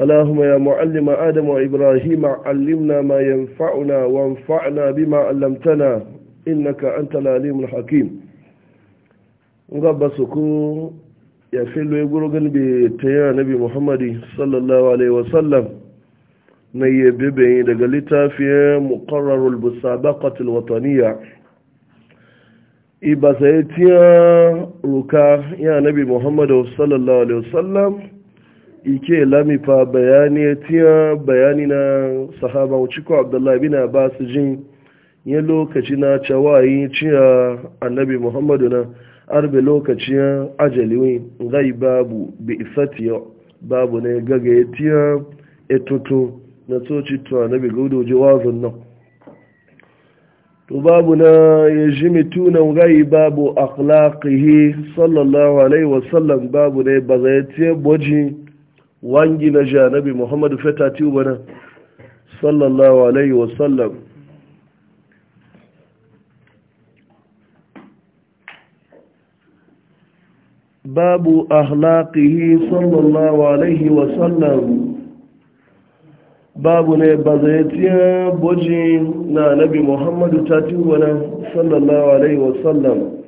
اللهم يا معلم آدم وإبراهيم علمنا ما ينفعنا وانفعنا بما علمتنا إنك أنت العليم الحكيم غب سكو يا فيلو يقولون بتيا نبي محمد صلى الله عليه وسلم ني بيبي دقلتا في مقرر المسابقة الوطنية إبا سيتيا ركا يا نبي محمد صلى الله عليه وسلم ike lamifa bayani tiya bayani na sahaba wuciko abdullahi bin abbas jin yin lokaci na cawayi ciya annabi muhammadu na arbe lokaci ya ajali gai babu bi isatiya babu ne gaga tiya etoto na soci to annabi gudu jawazun nan to babu na ya ji mitunan gai babu akhlaqihi sallallahu alaihi wasallam babu ne bazayatiyar bojin wangi na janabi muhammadu feta tuba na sallallahu alaihi wasallam babu ahlakihi sallallahu alaihi wasallam babu ne ba zai tiya boji na nabi muhammadu ta tuba na sallallahu alaihi wasallam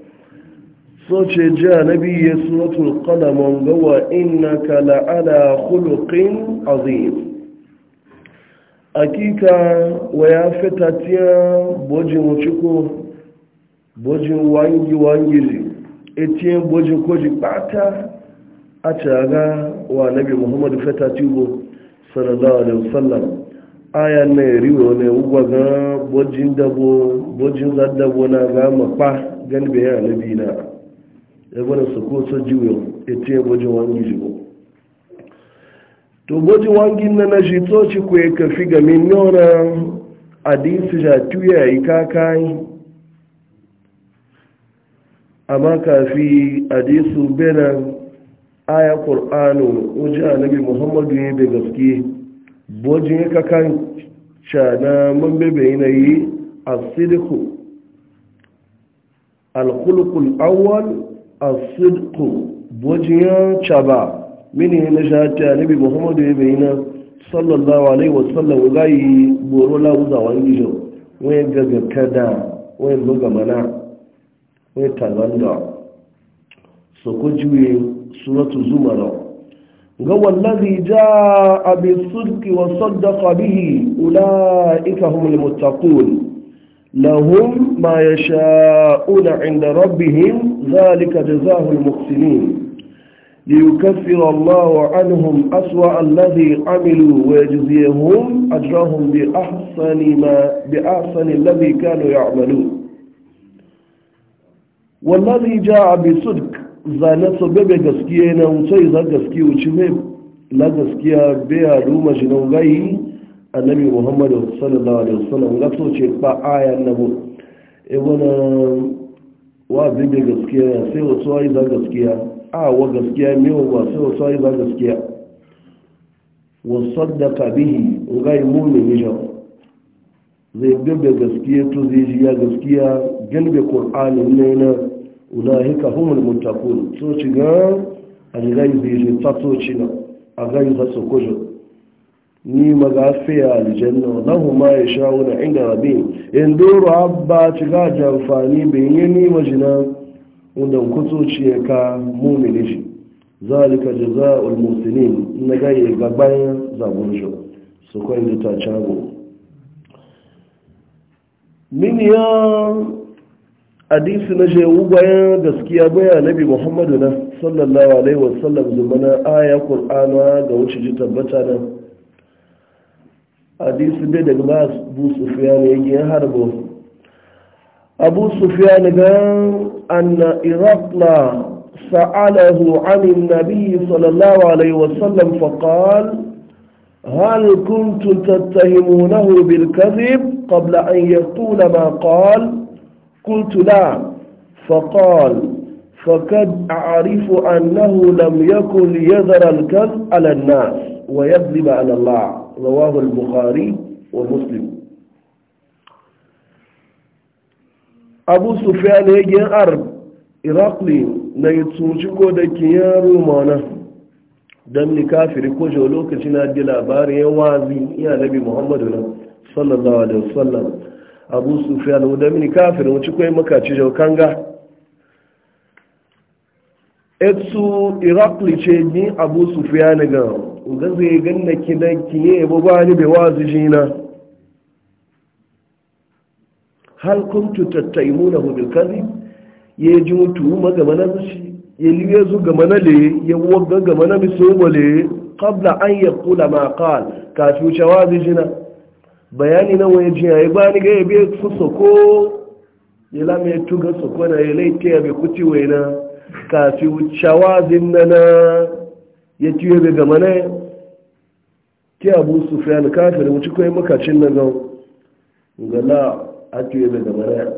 ce ji annabi ya suratul qalamun ga wa innaka la'ala khuluqin azim akika wa ya fitatiya bojin ciko bojin wangi wangi ji etiyan bojin koji bata a caga wa nabi muhammadu fitatiyo sallallahu alaihi wasallam aya na riwo ne ugwa ga bojin dabo bojin zaddabo na ga makpa gani bayan na ebona soko so jiwo etie boji wangi jiwo to boji wangi na na jito ci ku kafi ga min nora hadisi ja tuya ikakai amma kafi hadisu bena aya qur'anu uji annabi muhammadu ne be gaske boji ne kakan chana mun bebe ne yi asidiku al-khuluqul awwal asidku bojiyan caba mini na shati anabi muhammadu ya bai na sallallahu alaihi wasallam ga yi boro la uzawa gijo wani gaga kada wani buga mana wani tazanda so ko juye suratu zumara ga wallazi jaa bi sidqi wa لهم ما يشاءون عند ربهم ذلك جزاه المحسنين ليكفر الله عنهم أسوأ الذي عملوا ويجزيهم أجرهم بأحسن ما بأحسن الذي كانوا يعملون والذي جاء بصدق زانت بebe gaskiya na wuce za gaskiya wuce mai la gaskiya annabi muhammadu sallallahu alaihi wasallam ga so ce ba aya na bu e eh, wani wa bibe gaskiya sai wasu ayi za gaskiya a wa gaskiya mewa ba sai wasu ayi za gaskiya wa saddaka bihi ga yi mumin nisha zai bibe gaskiya to zai ji ya gaskiya galbe qur'ani ne na ulahika humul muttaqun so ci ga a ga zai ji ta so ci na a ga yi za su kujo ni magafiya aljanna lahum ma yashauna inda rabbihim in doro abba ciga jamfani bin yini majina wanda kusoci ya ka mumini shi zalika jazaa'ul muhsinin na gaye gaban zagun shi su kai da ta cago min ya hadisi na je bayan gaskiya baya nabi muhammadu na sallallahu alaihi wasallam zumana aya qur'ana ga wuce ji tabbata nan hadisi bai daga ba abu sufiyan ya yi harbo abu sufiyan gan anna irakla sa'alahu anin nabi sallallahu alaihi wasallam faqal هل كنتم تتهمونه بالكذب قبل أن يقول ما قال قلت لا فقال فقد أعرف أنه لم يكن ليذر الكذب على الناس ويكذب على الله رواه البخاري ومسلم abu sufyan yagin arab irakli na yi tsunci ko da kiyan rumana don ni kafiri ko jau lokaci na di labarin yan wazi iya nabi muhammadu na sallallahu alaihi wasallam abu sufyan wadda mini kafiri wuce kwaye makaci jau kanga etu irakli ce yi abu sufyan ga ga zai ganna kidan kiye yabo ba ni bai wazu jina hal kuntu tattaimuna hu bil kadhib ye ji mutu magama na zuci ye liye zu gama na le ye wogga gama na mi so bale qabla an yaqula ma qal ka fi shawazi jina bayani na waye ji ayi ba ni ga ye be su soko ye la me tu ga soko na ye lai te be kuti waina ka fi shawazin na na ya ciye bai gama ne ki abu sufyan kafir mu cikin makacin nan gan gala atuye be gama na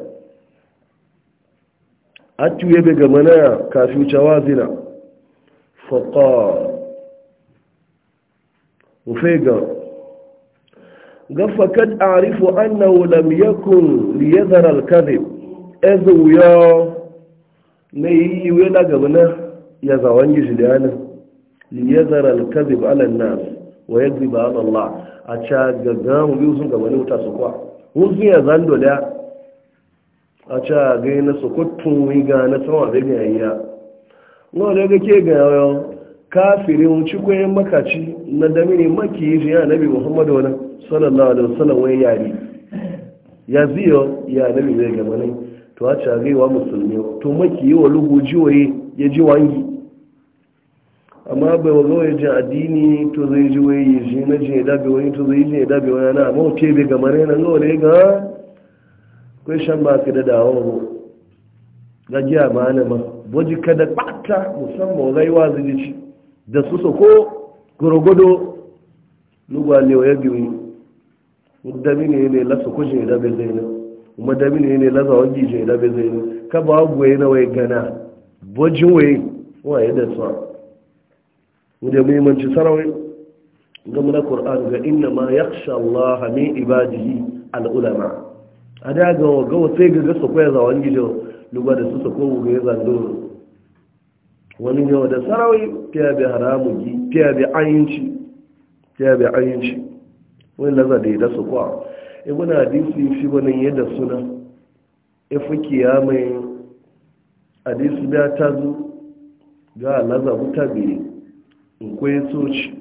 atuye be gama naya kafin cewa zina. chawazina faqa ufega gafa kad a'rifu annahu lam yakun liyadhar al-kadhib azu e ya ne yi wela gama na ya zawangi shi da yana liyadhar al-kadhib ala an-nas wa ya a Allah a ca gaga mu biyu sun gaba ne wuta su kwa wuzun ya zan dole a ca ga yi na sokotun wiga na sama da ganyayya wanda ga ke ga yawon kafirin cikwayen makaci na damini maki yi shi ya nabi muhammadu wani sallallahu alaihi wasallam wani yari ya ziyo ya nabi zai gaba ne to a ca ga yi wa musulmi to maki yi wa lugu jiwaye ya ji wangi amma bai wa gawai jin addini to zai ji wai yi shi na jin dabe wani to zai ji dabe wani na amma ce bai gamar yana na wani ga kai shan ba ka da dawo mu ga giya ma na ma boji kada bata musamman zai wa zai ci da su so ko gurgudu lugwa ne wa yabi wani mudami ne ne lasa ko jin dabe zai na mudami ne ne lasa wani jin dabe zai na ka ba gwaye na wai gana bojin wai wa yadda su da muhimmanci sarawai game na ƙor'an ga inna ma ya sha Allah min ibadihi al'ulama a da ga gawa sai ga gasa kwaya zawon gijo lugba da su sako ga ya zando wani yau da sarawai fiya bi haramu gi fiya bi ayinci fiya bi ayinci wani laza da ya da su kwa e wani hadisi shi wani yadda suna e fukiya mai hadisi ya ta zu ga laza mutane nkwe soci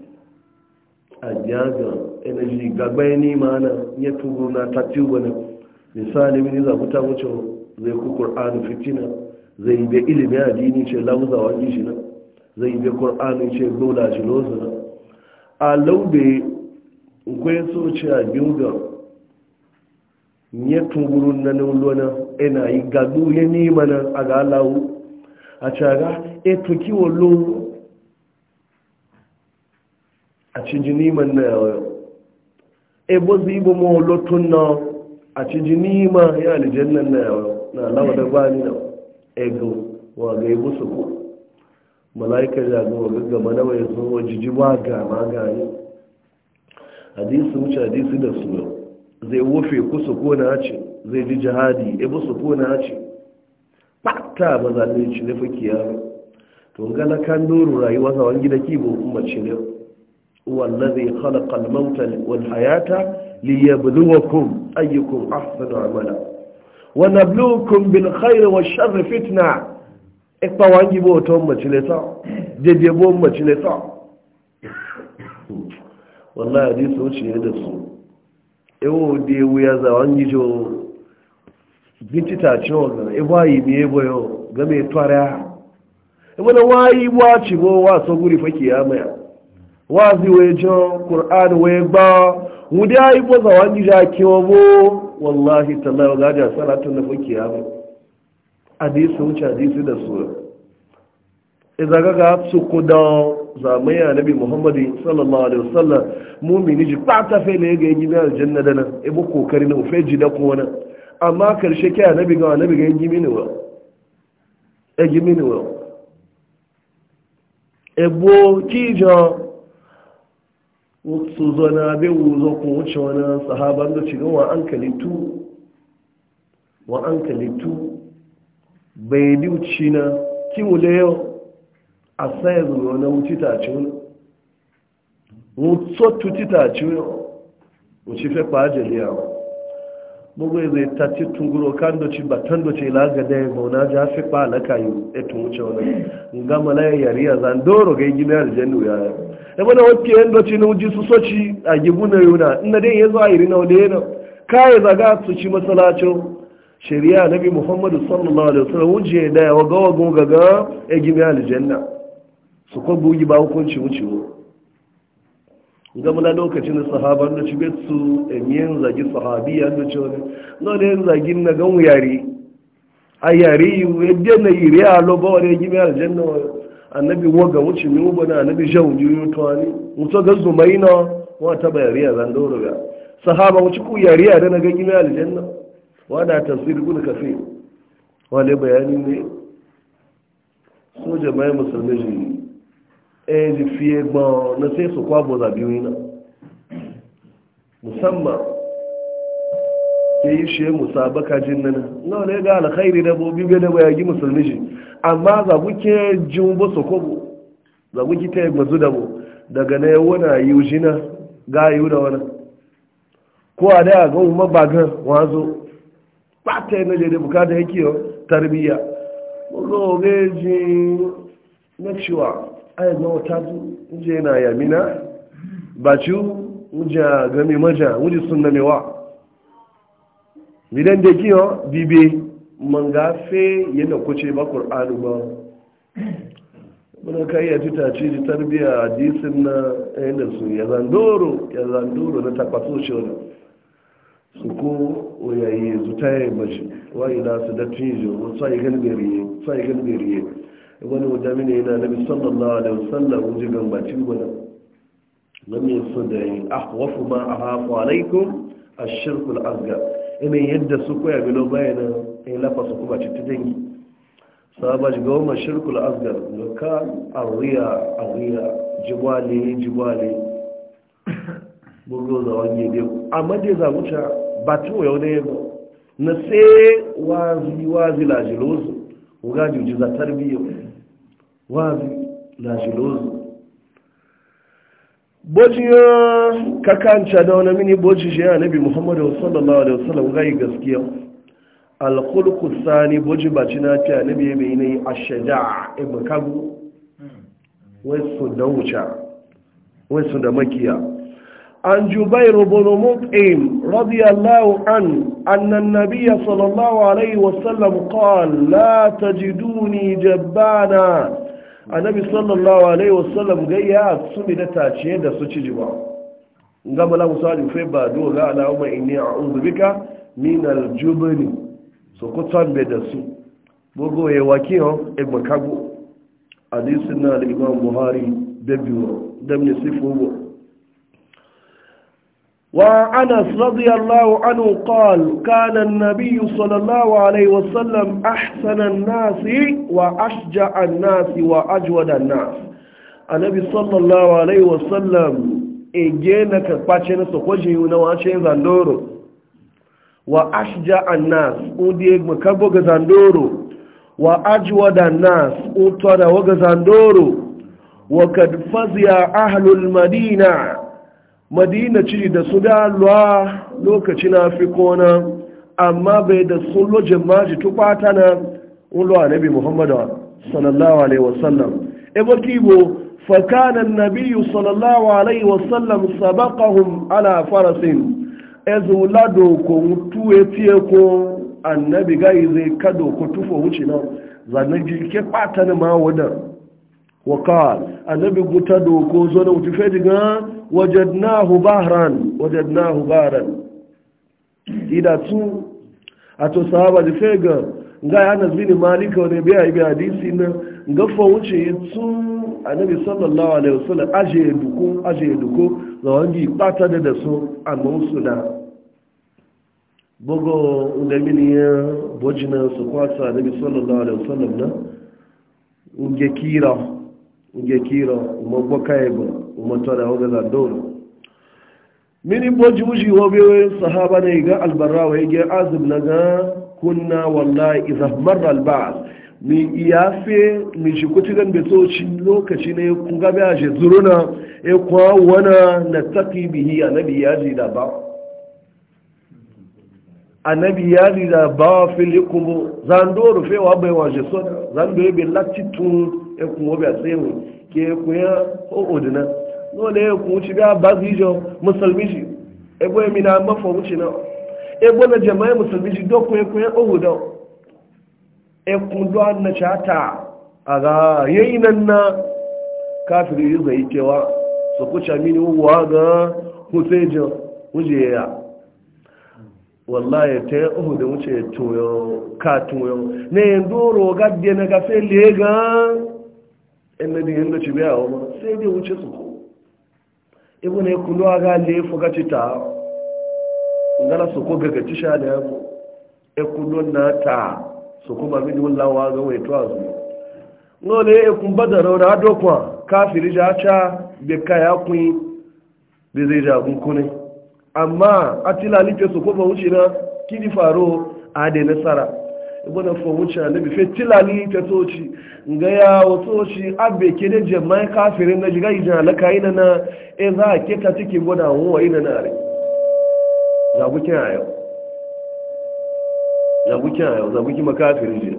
a gyaga gagba gagbai ni mana ya tubu na tatti wani misali mini zabuta wucin zai ku ƙur'anu fitina zai be ilimin addini ce lamuzawa gishi na zai be ƙur'anu ce gola shi lozu na a laube nkwai soci a gyaga ya tubu na nulona ina yi gagu ya ni mana a ga alawu a caga eto a cinjini man na yawo ebo zibo mo lotun na a cinjini ma ya aljannan na yawo na lawa da bani na ego wa ga ebo su ko malaika ya ga wa gaggama na wai zo wa jijiba ga magani hadisi wuce hadisi da su zai wufe ku su ko na ce zai ji jihadi ebo su ko na ce ɓata ba za ne ci ne fa to ga na kan doro rayuwa sa wani gida bo kuma ci ne هو الذي خلق الموت والحياة ليبلوكم أيكم أحسن عملا ونبلوكم بالخير والشر فتنة إقطع وانجي بوتهم مجلسا جدي بوهم مجلسا والله حديث وشي يدرس إيو دي ويازا وانجي جو بنتي تاتشون إيواي ميبويو غمي تواريها إيوانا واي واتشي بو واسو غوري فكي يا ميا wazi wajen qur'an waye ba wudi ya yi boza wani jaki wabo wallahi tallawa gaja salatu na fuki ya mai hadisi wuce hadisi da sura idan ga ga su kuda zamaya annabi muhammadu sallallahu alaihi wasallam mumini ji ta fe ne ga gina aljanna da nan ibo kokari na fe ji da kona amma karshe kai annabi ga annabi ga gimi ne wa e gimi ne wa ebo kijo wasu zana bai wuzo ko wuce wani sahaban da shiga wa an kalitu wa an kalitu bai diuci na kiwu da yau a sai zuwa na wuce ta ci wani wuce ta ci wani wuce fe kpa bugu zai tatti tunguro kan doci batan doci laga da ya mauna ja fi ba alaka yi e ya tumuce wani nga malaya yari ya zan doro ga gina ya rijen ya ya ya mana wakil yan doci na uji su soci a gibu na yuna ina dai ya zo a iri na wale yana kaya zaga su ci masalacin shari'a nabi muhammadu sallallahu alaihi wasallam wuje da ya waga waga gaga e ya gina ya rijen na su kwa bugi ba hukunci wucewa na lokacin sahaban da bai su emiyan eh, zagi ya da cewa no ne zagin na gan yare a yare yadda na riya a lobo wani gimi aljanna annabi waga wuce mi ubana annabi jawun yi to ani mutu ga na wa ta bayari a zan dauro ga sahaba wuce ku yare a da na gan gimi aljanna wa da tafsir gun kafe wa le bayani ne so jama'a musulmi ezi fiye gbọn na sai su kwabo zabiwi na musamman ke yi shi musabaka jin nan na wale ga alkhairi da bobi bai da bayagi musulmi shi amma zagu ke jin ba su kwabo zagu ki ta yi gbazu da mu daga na yi wani yi na ga yi da wani ko a da ga umar bagan wazo ba ta yi na jade bukata yake tarbiyya mun zo ga jin na cewa ai ga wata je yana yamina ba ci wuce game maja wuce sun na mewa midan da kiyo bibe man gafe yadda kuce ba ƙur'anu ba wani kai ya ci tace ji tarbiya hadisin na yadda su ya zandoro ya zandoro na takwaso shi wani su ko oyaye zuta ya yi mashi wa ila su da tijo sai gan beriye sai gan beriye wani wata mini yana bi sallallahu alaihi wasallam wajen gambacin guda game su da yi ahwafu ma a haku alaikum a shirkul azga ina yadda su koya bilo bayan ya lafa su kuma ci ta dangi sabaj goma shirkul azga da ka arriya arriya jibale jibale bugu da wani ne a madi za mu ta batu yau ba. na sai wazi wazi lajilozu ugaji ujiza tarbiyyar wazi lajilozu bojiya kakanca da wani mini boji shi nabi muhammadu sallallahu alaihi wasallam gai gaskiya alkulku sani boji ba na ta nabi ya mai yi a shaja ibn kagu wasu da wuce wasu da makiya an jubai bin mut'im radiyallahu an anna an-nabiyya sallallahu alaihi wasallam qala la tajiduni jabbana annabi sallallahu alaihi wasallam ga ya tsumi da tace da su ci ba ga mala musali fe ba do ga ala umma inni a'udhu bika min al-jubni so ko tambe da su bogo ye waki ho e gbakago hadisi na al-imam buhari da biyo da ne وأنس رضي الله عنه قال كان النبي صلى الله عليه وسلم أحسن الناس وأشجع الناس وأجود الناس النبي صلى الله عليه وسلم إجينا كباتشنا سخوجه ونواشين زندورو وأشجع الناس وديك مكبوغ زندورو وأجود الناس وطرى وغزندورو وقد فزع أهل المدينة madina ci da su da lwa lokaci na fi kona amma bai da sun lojin maji tukwata na ulwa nabi muhammadu sallallahu alaihi wasallam ebo kibo فكان النبي sallallahu alaihi wasallam وسلم ala farasin. فرس e ezulado ko mutuwe tiye ko annabi gaize zai kado ko tufo wuce na. zanen jike kwata na ma wadar وقال النبي قتد وكوزون وتفيدنا وجدناه بحرا وجدناه بحرا إذا تو أتو صحابة فيغا nga Anas bin Malik wani biya bi hadisi na ga fa wuce tun Annabi sallallahu alaihi wasallam aje duko aje duko ga wani bata da su da bogo da mini bojina su kwasa alaihi na nge kira uma gwakaiba uma tara waga za doro mini boji wuji wabe sahaba ne ga albarawa ya ga azum na ga kunna wallahi idha marra alba'd mi iyafe mi shi kuti gan be toci lokaci ne kun ga aje zuruna e kwa wana na taqi bihi annabi ya da ba annabi ya ji da ba filikum zandoro fe wa bai wa je so zando be latitun ekun obi asewu ke ekun ya odina no le ekun uchi bi abazijo musulmi ji ebo emi na na ebo na jama'a dokun ekun ya ohuda ekun na aga yayin nan na kafiri yi zai cewa su kuce mini ga husejin hujeya wallahi wuce ka toyo na yin doro gadde na in na biyan da ci biya wa ma sai dai wuce su ibu ne kulu a ga lefu ga ci ta su ko gaga ci sha da yaku e kulu na ta su kuma mini lawa ga wai to azu ngole e kun bada da do kwa kafiri ja cha be kaya kun bi zai ja kun kune amma atila like su ko ba wuce na kidi faro a da nasara ibada fa wuce annabi fe tilali ta toci ga ya wato shi abe ke da jama'i kafirin na jiga ijin alaka ina na e za a ke ta take gwada wa ina na are zagukin ayo zagukin ayo ma makafirin je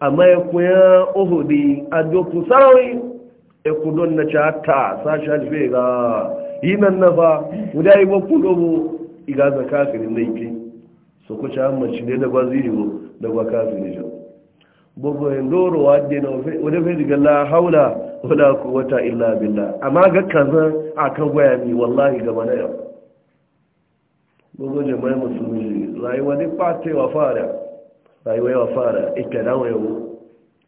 amma ya kuya ohudi a doku sarawai ya e kudon na cata sasha alfe ga yi nan na fa guda yi ba kudobo iga zakafirin laifi so ko cha amma chinde da gwazi yo da gwa kafi ne jo bogo en doro wadde no wada fe diga la haula wala quwwata illa billah amma ga kaza akan gwaya ni wallahi ga mana yau bogo jama'a musulmi rayuwa ne fate wa fara rayuwa ya fara ita yau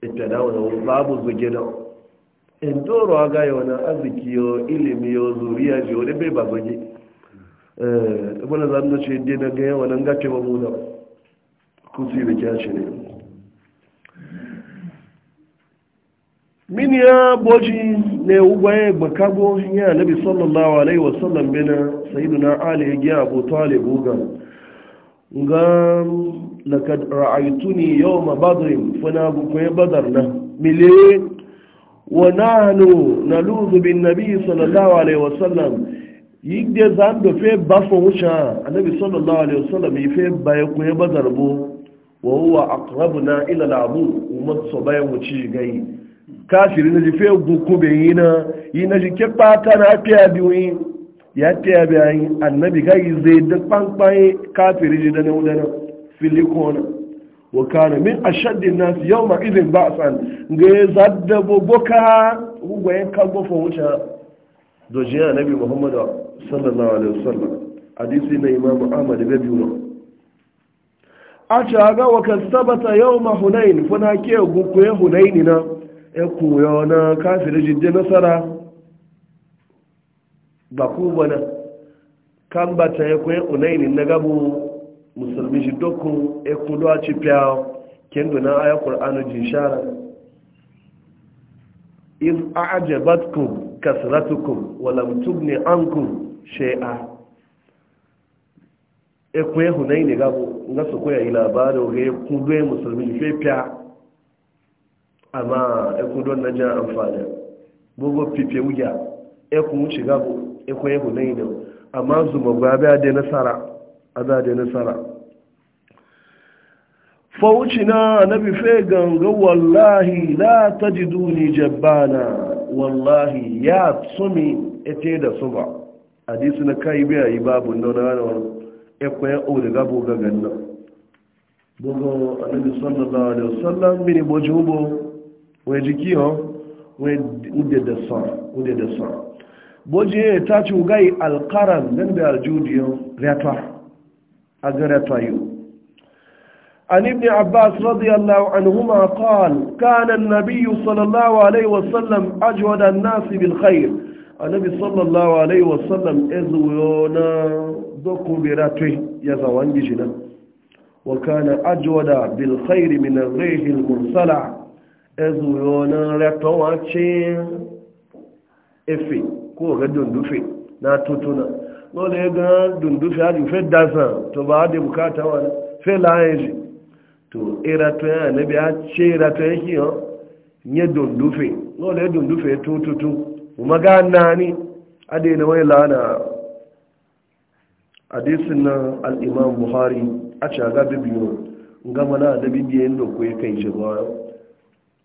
ittadawo yau babu zugina en doro aga yau na aziki yo ilimi yo zuriya jo ne bai babaje ibana za mu ce dai na ga yawa nan gace ba mu da kusi da kyashi ne min ya boji ne ubaye bakago ya nabi sallallahu alaihi wasallam bina sayyiduna ali ya abu talib ga ga lakad ra'aytuni yawma badr fana bu ko badar na mile wa nahnu naluzu bin nabi sallallahu alaihi wasallam yigde zan do ba bafo wucha annabi sallallahu alaihi wasallam fe baye ko yaba zarbo wa huwa na ila al-abu umat sobay wuci gai kafiri na fe guku be yina yina ji ke pata na tiya biwi ya tiya be ayi annabi gai zai da panpai kafiri ji dana ne udana filikona wa kana min ashaddi an-nas yawma idhin ba'san ga zadda boboka ugwayen kan gofo wucha dojin annabi muhammadu sallallahu alaihi wasallam hadisi na imam ahmad bai biyu a ci wa kan sabata yau ma hunain funa ke gukuye hunaini na ya e koyo na kafin jidde nasara ba ku bana kan ba ta ya kuye hunaini na gabu musulmi shi dokun ya e kudu a ci fiya kendo na aya kur'anu jishara iz a'jabatkum kasratukum walam tugni ankum shay'a e kuye hunai ne gabo na su koya yi labarin ga kudwe musulmi fe fiya amma e don na jan amfani gbogbo fife wuya e kun wuce gabo ehu na hunai ne amma zuma gwabe a da nasara a da nasara fawuci na nabi fe ganga wallahi la tajiduni jabbana wallahi ya tsumi ete da su ba hadisi na kai biya yi babu nuna wani ekwe ya ori gabo ga ganna gbogbo annabi sallallahu alaihi wasallam mini boji hubo wai jiki ho wai ude da sa ude da sa boji ya ta ci gai alkaran nan da aljudiyo rata a ga reta yau عن ابن عباس رضي الله عنهما قال كان النبي صلى الله عليه وسلم أجود الناس بالخير النبي صلى الله عليه وسلم إذونا ذكو براته يزوان جنا وكان أجود بالخير من الريح المرسلة إذونا رتواتي إفي كو غدون دفي ناتوتنا نولي غدون دفي هذه في الدسان تبعد بكاتا وانا في to iratu ya nabi a ce iratu ya ki yau nye dundufe n'o le dundufe tututu umaga nani adina wai lana hadisin nan al'imam buhari a caga bibiyo gama na da bibiyan da kuwa kai shi ba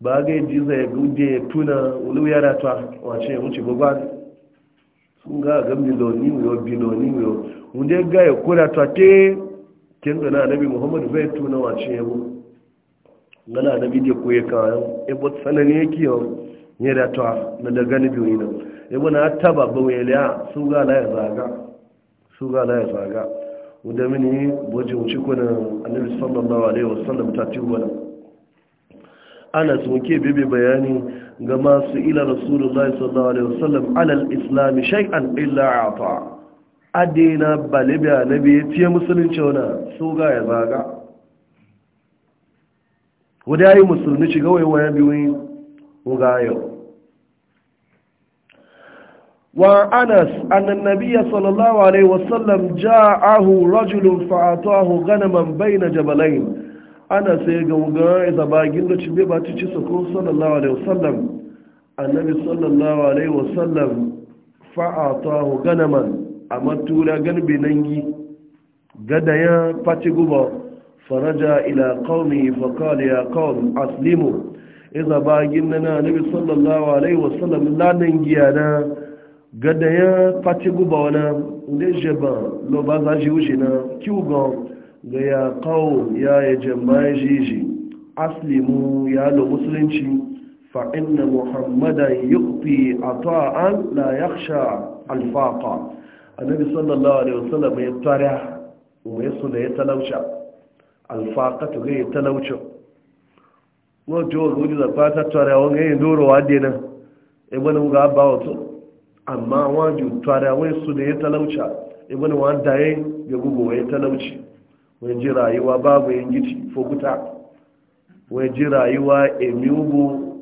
ba ga yi jiza ya gude ya tuna wani yara ta wace ya wuce gwagwa sun ga ga miloni yau biloni yau wunde ga ya kura ta ke kin da na nabi muhammadu zai tuna wace yau na na nabi da koye kayan ebo tsanani ya yau ne da ta na daga gani biyu ne ebo na taba baweliya su ga la ya zaga su ga la ya zaga wadda mini boje wuce kuna annabi sallallahu alaihi wasallam ta ci wani ana su muke bebe bayani ga masu ila rasulullahi sallallahu alaihi wasallam alal islami shay'an illa ata adina balibi na ya fiye musulunci wani so ga ya zaga wadda ya yi musulmi shiga wai waya biyu ga yau wa anas annan nabiya sallallahu alaihi wasallam ahu rajulun fa'atahu ganaman na jabalain ana sai ga wuga ya zaba gindo ci bai ba ci sako sallallahu alaihi wasallam annabi sallallahu alaihi wasallam fa'atahu ganaman a matura galbe nangi gada ya faci guba faraja ila qaumi fa qala ya qaum aslimu idza bagin nana nabi sallallahu alaihi wasallam la nangi yana gada ya faci guba wana lejeba lo ba za shi wuce na kiwgon ga ya qaum ya yi jama'a jiji aslimu ya lo musulunci fa inna muhammadan a ata'an la yakhsha alfaqa annabi sallallahu alaihi wasallam ya tara kuma ya suna ya talauca alfaqatu ga ya talauca wa jo ruji da fata tara wa ga ndoro wa dena e bana ga ba wato amma waju tara wa su da ya talauca e bana wa daye ya gugu wa ya talauci wa ji rayuwa babu yin gici fokuta wai ji rayuwa emiubu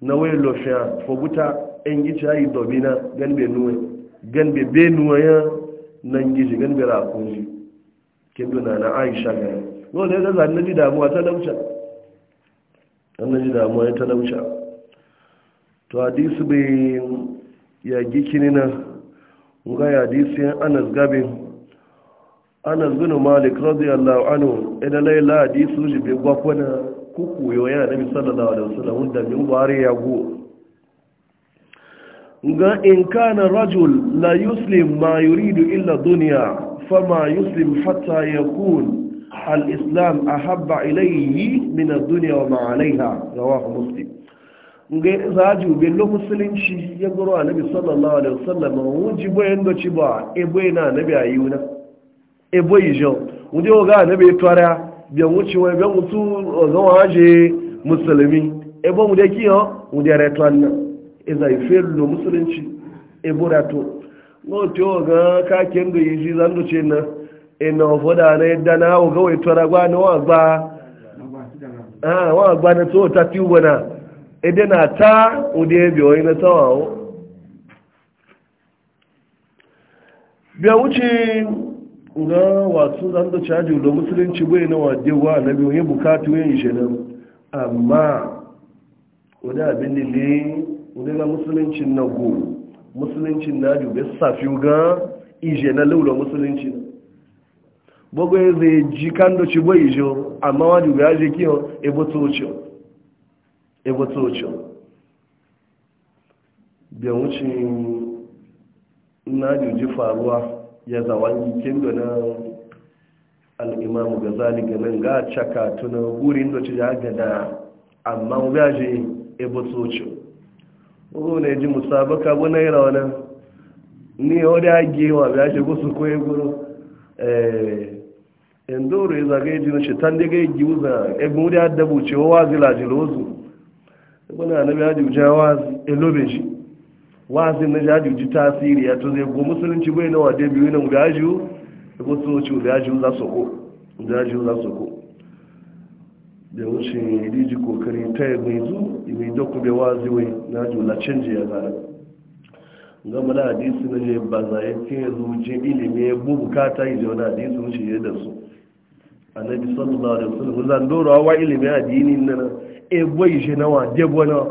na wai lofiya fokuta yan e gici ayi domina gan benuwe gan be benuwa ya nan gishi gan be rakunji kin duna na aisha ga no ne da zan ji damuwa ta lauca an ji damuwa ta lauca to hadisi bai ya gikini na ga hadisi Anas gabin anas bin malik radiyallahu anhu ina laila hadisu jibe gwakwana kuku yoya nabi sallallahu alaihi wasallam da min bare ya go Nga in kana rajul la yuslim ma yuridu illa dunya, fama yuslim hatta yakun al-islam ahabba ilayhi min ad-dunya wa ma 'alayha rawahu muslim nge zaju be lo musulunci ya goro annabi sallallahu alaihi wasallam wuji boye ndo ci ba e boye na annabi ayuna e boye jo oga ga annabi twara bi wuci wa bi mutu ga waje musulmi e bo mu de kiyo mu de retwanna iza ifello musulunci e burato no to ga ka kendo yiji zando chenna e no na yadda e na o ga weto no agba ah wa agba na to ta ti wona e na ta o de ina tawa o biya wuce ga wasu zando caji lo musulunci bai na wadewa na biyu yin bukatu yin ishe amma wani abin ne wani ga musuluncin na go musuluncin na jube safi ga ije na lula musuluncin gbogbo ya zai ji kando ci bo ijo amma wa jube ya je kiyo ebo tocho e biya wucin na juji faruwa ya zawangi kendo na al'imamu ga zaliga nan ga caka tunan gurin da ya gada amma wa je ebo ogo na-eji musabaka bụ naira ọna n'ihe ọrịa gị wa bịa chegbu sokwa egwuru ee ndị ụrụ ịza ga eji ncheta ndị ga-eji ụzọ egwu ndị adabuchi wazi lajiri ozu egbe na anabi ajụji wazi elobeji wazi na ji ajụji tasiri ya tụzi egwu musulunci bụ na ọdebi na mgbe ajụ ebotu ochi ụdị ajụ ụza sokwo ụdị ajụ ụza sokwo da wuce riji kokari ta yi mai zu mai doku bai wazi wai na jula canji ya zara gama da hadisi na je ba za ya fi zuci ilimi ya bu bukata yi jauna hadisi wuce ya da su annabi sallallahu alaihi wasallam zan doro wa ilimi addini nan e boy je na wa de bona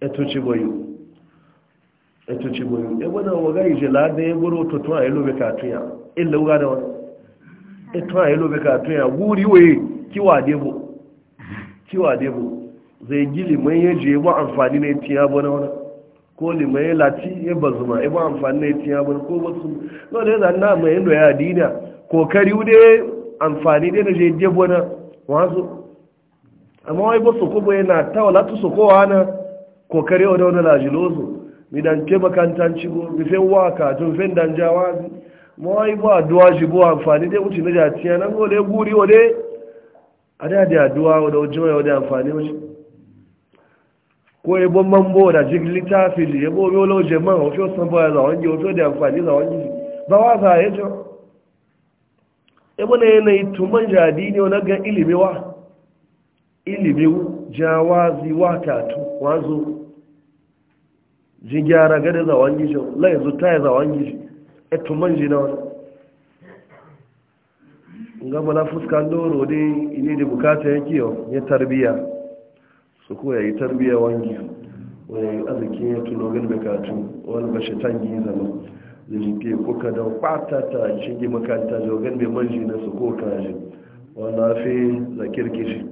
e to ci boyu e to ci boyu e bona wa ga je la de e boro to to ayi lobe ka tuya illa e wa da wa e to ayi lobe ka tuya guri we kiwa debo kiwa debo zai gi liman ya je ba amfani na itin yabo na wani ko liman ya lati ya bazuma ya ba amfani na itin yabo ko wasu no da zan na mai yadda ya dina kokari wude amfani dai na je debo na wasu amma wai ba su kuma yana ta wala tu su kowa na kokari wani wani lajilozo mi dan ke makantan cigo mi fe waka tun fe dan jawazi ma wai ba duwa shi bo amfani dai wuce na jatiya nan gole guri wade a da da yaduwa da wajen yau da amfani wajen ko ya bon mambo da jirgin littafi da ya bori wala wajen man wafi wasan baya za wangi wafi da amfani za wangi ba wa za a yi ya bane yanayi tuman jadi ne wani gan ilimi wa ilimi jawazi wa tatu wazo jin gyara gada za wangi jo lai zuta ya za wangi ya e tuman jina wani gaba na fuska loro dai ini da bukata ya kiyo ya tarbiya su kuwa yi tarbiya wangi wani arzikin ya tuno gani bukatu wani bashi tangi zama da jike kuka da ta shige makanta da gani mai manji na su ko kaji wani fi zakir kishi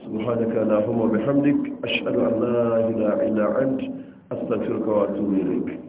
سبحانك اللهم وبحمدك أشهد أن لا إله إلا أنت wa وأتوب إليك